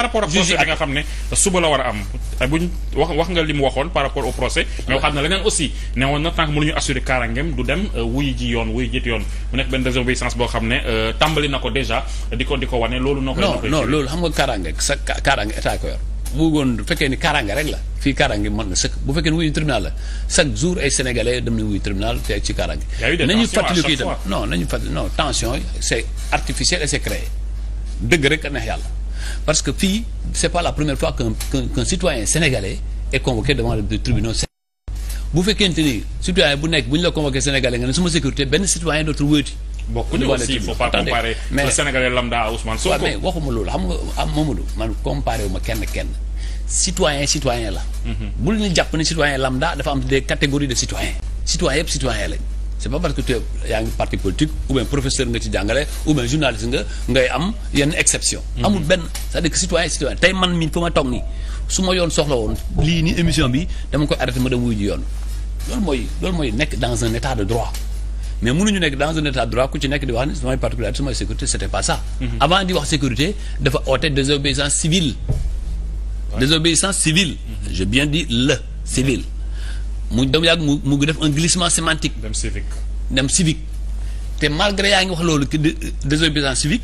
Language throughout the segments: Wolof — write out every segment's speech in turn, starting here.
par rapport ak procès nga xam ne suba la war a am buñ wax wax nga li waxoon par rapport au procès mais waxaat na leneen aussi ne woon na tant que mënuñu assurer kaarangem du dem euh, wuy ji yoon wuy jit yoon mu nekk benn désobéissance boo xam ne euh, tàmbali na ko déjà di ko di ko wane loolu noo fekkee ni kaaraange rek la fii kaaraange mën na sëkk bu fekkee ni wuyu tribunal la chaque jour ay sénégalais dem na wuyu tribunal te ci kaaraange nañu fàttaliku itam non nañu fàttali non a parce que fii c'est pas la première fois qu'un citoyen sénégalais est convoqué devant le tribunal bu fekkente ni citoyen bu nekk bu ñu la convoqué sénégalais nga ne suma sécurité benn citoyen dootul wéeti bokkuñu aussi il faut pas comparer le waxuma loolu xam nga am ah, Mamadou man comparé kenn kenn citoyen citoyen la mhm. bul ñu jàpp ne citoyen lambda dafa am des catégories de citoyens citoyen yëpp citoyen lañ c' est pas parce que tu yaa ngi parti politique ou bien professeur nga ci jàngale ou bien journaliste nga ngay am yenn exception mhm. amul benn cest à que citoyen citoyen tey man mi fa ma toog nii su ma yoon soxla woon lii nii émission bi dama koy arrêté ma dem wuy ji yoon loolu mooy loolu mooy nekk dans un état de droit mais mënuñu nekk dans un état de droit ku ci nekk di wax ne samay particularité samay sécurité c' pas ça mhm. avant di wax sécurité mu dem yàgg mu mu def un glissement sémantique. dem civique. te malgré yaa ngi wax loolu ki désobéissance civique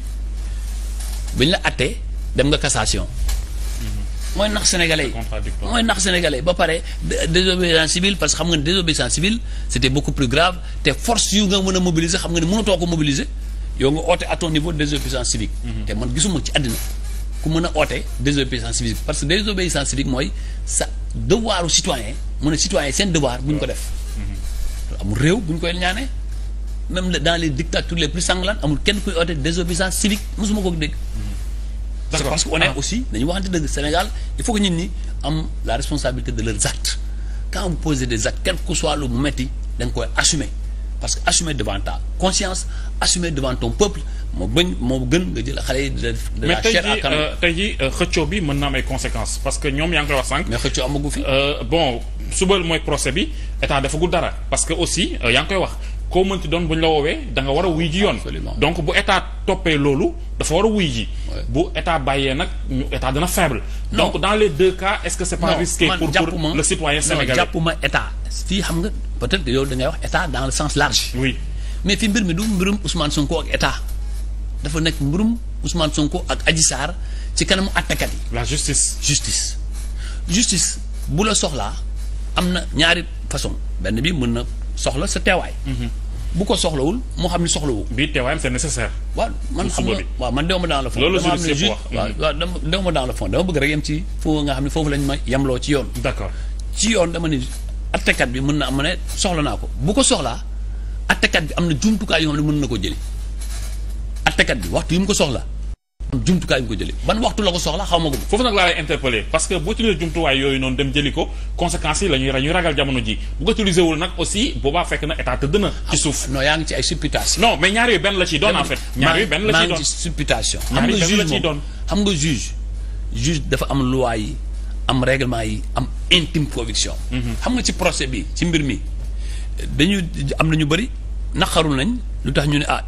bañ la attee dem nga cassation. Mhm. mooy nax sénégalais yi mooy nax sénégalais ba pare désobéissance civile parce que xam nga ne désobéissance civile c'était beaucoup plus grave te force yu nga mën a mobiliser xam nga ne mënatoo ko mobiliser yow nga oote à ton niveau désobéissance civique. Mhm. te man gisuma ci àddina ku mën a oote désobéissance civique parce que désobéissance civique devoiru citoyen mu ne citoyen seen devoir bu ñu ko def amul réew bu ñu koy ñaanee même dans les dictatures les plus sanglantes amul kenn kuy oote désobéissance civique ma ko dégg parce que parce que on est ah. aussi dañu waxante dëgg Sénégal il foo que nit ñi am la responsabilité de leurs actes quand vous posez des actes quel que soit lu mu metti da nga koy assumer parce que assumer devant ta conscience assumer devant ton peuple moo bañ moo gën nga jël xale yi de la chair euh, euh, bi mën na am ay parce que ñoom yaa ngi koy wax sànq. mais xëccoo amagu fi. Euh, bon suba mooy procès bi état dafa gu dara parce que aussi yaa ngi koy wax koo mënti doon bu la woowee da nga war a wuy ji yoon. donc bu état toppee loolu dafa war a wuy ji. bu état bàyyee nag ñu état dana faible. donc dans les deux cas est-ce que c'est pas risqué. pour pour le citoyen sénégalais non peut-être que yow da wax état dans le sens large. oui mais fi mbir mi du mbirum Ousmane Sonko ak état dafa nekk mbirum Ousmane Sonko ak Adji ci kanamu àttekat yi. la justice. justice justice bu la soxlaa am na ñaari façon benn bi mën na soxla sa teewaay. Mhm. bu ko soxlawul moo xam ni soxlawu. bii teewaayam c'est nécessaire. waaw man xam nga waaw man dew ma dans le fond. loolu dama ma dans le fond dama bëgg rek yem ci foofu nga xam ne foofu lañ ma yemloo ci yoon. d'accord ci yoon dama ni attekat bi mën na am ne soxla naa ko bu ko soxlaa attekat bi am na jumtukaay yoo xam ne mën na ko jëli attekat bi waxtu yi mu ko soxla jumtukaay bi ko jëlee ban waxtu la ko soxla xaw ma ko. foofu nag laa lay interpeller parce que boo utilisé jumtuwaay yooyu noonu dem jëli ko conséquences yi la ñuy ñuy ragal jamono ji bu ko utilisé nag aussi boobaa fekk na état tëdd na. ci ah, suuf non yaa ngi ci ay supputation. non mais ñaar yooyu benn la ciy doon la ciy doon xam nga juge moom xam nga juge juge am loi yi intime conviction. xam nga ci procès bi ci mbir mi dañu am na ñu bëri naqaru nañ lu tax ñu ne ah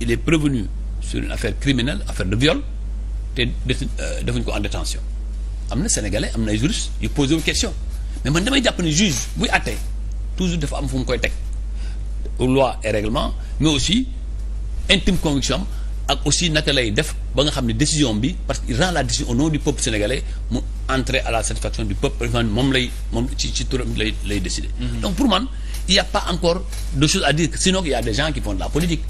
il est prévenu sur une affaire criminelle affaire de viol te euh, defuñ ko en détention am na sénégalais am na ay juristes yu posé wu question mais man damay jàpp ne juge buy àttee toujours dafa am fu mu koy teg loi et règlement mais aussi intime conviction ak aussi naka lay def ba nga xam ne décision bi parce qu'il rend la décision au nom du peuple sénégalais entrer à la satisfaction du peuple moom lay moom ci décider. Mhm. donc pour man il y a pas encore de choses à dire sinon il y a des gens qui font de la politique.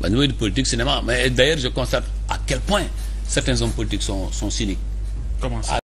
waaw niveau de politique cinéma mais d'ailleurs je constate à quel point certains hommes politiques sont cyniques.